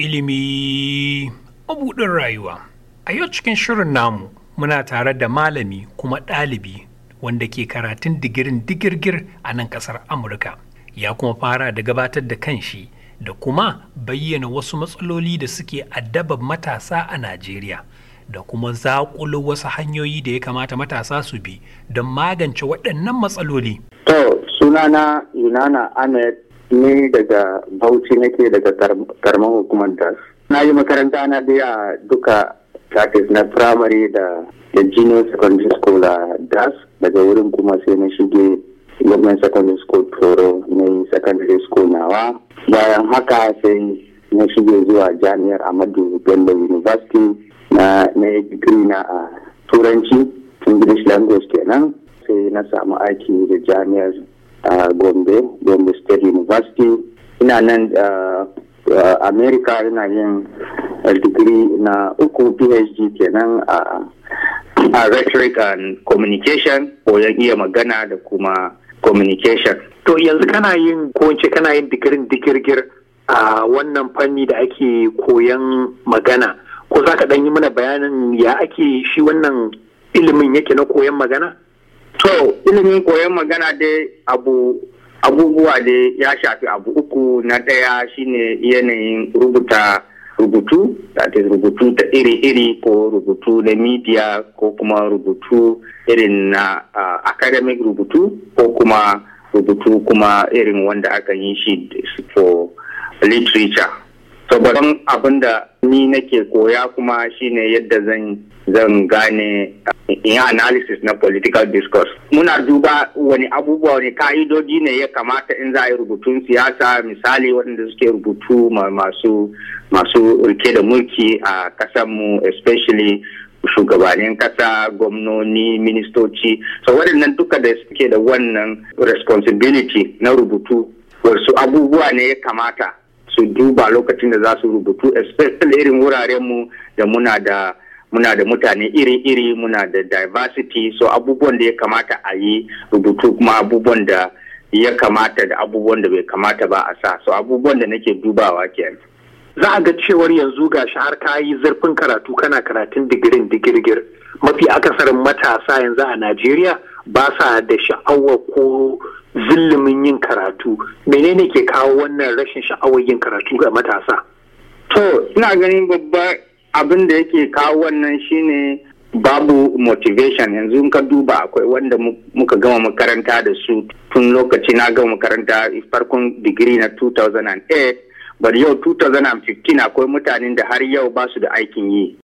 ilimi mabuɗin rayuwa. A yau cikin shirin namu muna tare da malami kuma ɗalibi wanda ke karatun digirin digirgir a nan ƙasar Amurka. Ya kuma fara da gabatar da kanshi da kuma bayyana wasu matsaloli da suke addaba matasa a Najeriya. Da kuma zaƙulo wasu hanyoyi da ya kamata matasa su bi don magance waɗannan matsaloli. To, sunana Yunana Ahmed ni daga bauchi nake daga karamar hukumar das na yi makaranta na daya duka tatis na primary da da junior secondary school a das daga wurin kuma sai na shige government secondary school toro na yi secondary school nawa bayan haka sai na shige zuwa jami'ar amadu bello university na na degree na a turanci english language kenan sai na samu aiki da jami'ar a gombe gombe state university ina nan america ina yin digiri na uku phd kenan a a rhetoric and communication koyon iya magana da kuma communication to yanzu kana yin ko kana yin digirin digirgir a wannan fanni da ake koyan magana ko za ka yi mana bayanin ya ake shi wannan ilimin yake na koyan magana? To ilimin koyon magana dai abu abubuwa da ya shafi abu uku na ɗaya shine yanayin rubuta rubutu that rubutu ta iri-iri ko rubutu na media ko kuma rubutu irin na uh, academic rubutu ko kuma rubutu kuma irin wanda aka yi shi for literature so abin da ni nake koya kuma shine yadda zan zan gane eh, in analysis na political discourse muna duba wani abubuwa wani ka'idodi ne ya kamata in za a yi rubutun siyasa misali waɗanda suke rubutu masu masu rike da mulki a mu especially shugabannin ƙasa gwamnoni ministoci so waɗannan duka da suke da wannan responsibility na rubutu wasu abubuwa ne ya kamata su duba lokacin da za su rubutu especially irin wurarenmu da muna da muna da mutane iri-iri muna da diversity so abubuwan da ya kamata a yi rubutu kuma abubuwan da ya kamata da abubuwan da bai kamata ba a sa so abubuwan da nake dubawa kenan za a ga cewar yanzu ga shi har yi zurfin karatu kana karatun digirin digirgir mafi akasarin matasa yanzu a najeriya ba sa da sha'awar ko zillimin yin karatu menene ke kawo wannan rashin sha'awar yin karatu ga matasa to ina ganin babba abin da yake kawo wannan shine babu motivation yanzu in ka duba akwai wanda muka gama makaranta da su tun lokaci na gama makaranta farkon digiri na 2008 bar yau 2015 akwai mutanen da har yau ba su da aikin yi